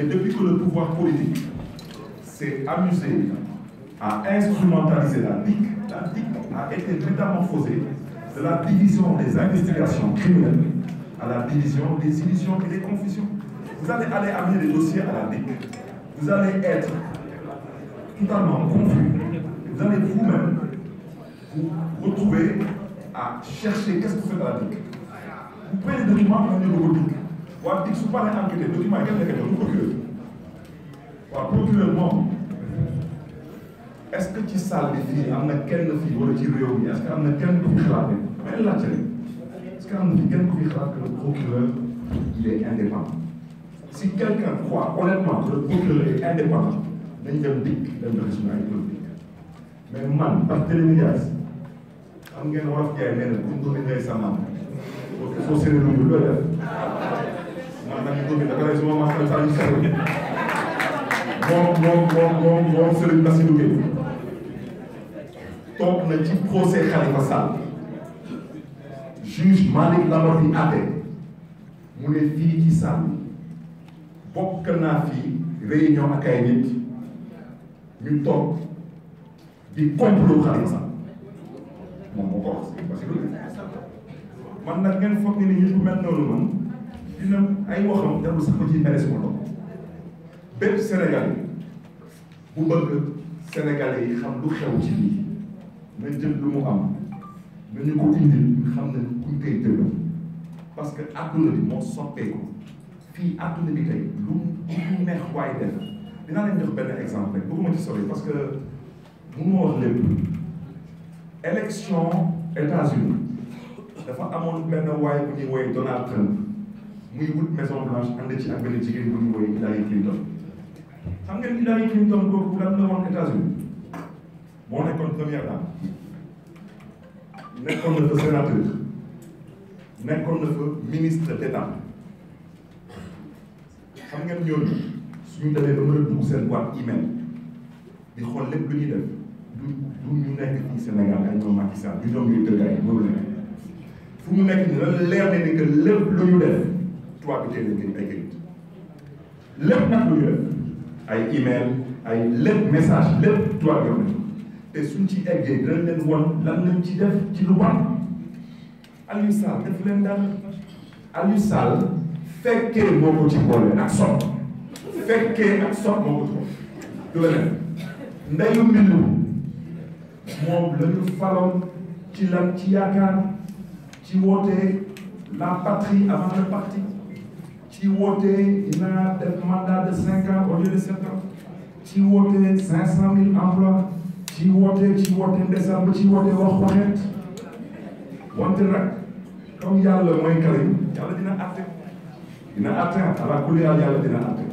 Mais depuis que le pouvoir politique s'est amusé à instrumentaliser la DIC, la DIC a été métamorphosée de la division des investigations criminelles à la division des illusions et des confusions. Vous allez aller amener des dossiers à la DIC. Vous allez être totalement confus. Vous allez vous-même vous retrouver à chercher qu'est-ce que vous faites la DIC. Vous prenez des documents, vous prenez le DIC. waa DIC su paree enquête document kenn nekk lu procureur waaw procureur moom est-ce que ci salle bi fii am na kenn fii wala ci réew mi est-ce que am na kenn ku fi xalaat benn laajte est-ce que am na fi kenn ku fi xalaat que le procureur il est indépendant si quelqu'un croit honnêtement que le procureur est indépendant dañ dem DIC dem joxe suñu ay mais man parce que télémédias xam ngeen wolof jaay nee na pour nga ko indee sa maam. parce que foo séeréer lu dul def. jigéen dama ne su ma maasee saa yu moom moom moom moom Serigne Bassirou Gueye toog na ci procès Khalifa Sall juge Malick Lamar di àtte mu ne fii ci Sall bokk naa fii réunion ak ay nit ñu toog di complot Khalifa Sall moom moo ko wax Serigne Bassirou Gueye man nag ngeen foog ne ni ñu mel noonu man. dina ay waxam jarul sax ma ci mere suma loxo bépp Sénégal bu bëgg Sénégalais yi xam lu xew ci lii na jël lu mu am nañu ko indil ñu ne kuñ koy jëlal parce que adduna bi moo soppeeku fii adduna bi tey lu mu neex waay def dinaa leen jox benn exemple rek bëgguma ci sori parce que mënuma wax lépp élection États-Unis dafa amoon benn waay bu ñuy woowee Donald Trump muy wut maison blanche ànd ci ak benn jigéen bu ñu woowee Hillary Clinton xam ngeen Hillary Clinton boobu lan la woon États-Unis moo nekkoon première dame nekkoon na fa sénateur nekkoon na fa ministre d'État xam ngeen ñooñu suñu demee ba mën a dugg seen boîte email di xool lépp lu ñuy def du du ñu nekk fii Sénégal ay ñoom Macky Sall ñu doom ñuy dëggaay loolu la fu mu nekk nii lan leer ne ni que tubaab bi tey lañ gën ay këyit lu ñu ay email ay lépp message lépp tubaab yor nañu te suñ ci eggee dinañ leen lan lañ ci def ci lu bon Aliou Sall def leen dal Aliou Sall fekkee moo ko ci boole ak sot fekkee ak sot moo ko ci boole du leneen ndeyu mbind moom la ñu faloon lan ci yaakaar ci wootee la patrie avant le parti ci woote dinaa def mandat de cinq ans au lieu de sept ans ci woote cinq cent mille emplois ci woote ci woote ndeysaan ba ci woote wax waxeet wante nag comme yàlla mooy karim yàlla dina àtte dina àtte ala kulli yàlla yàlla dina àtte.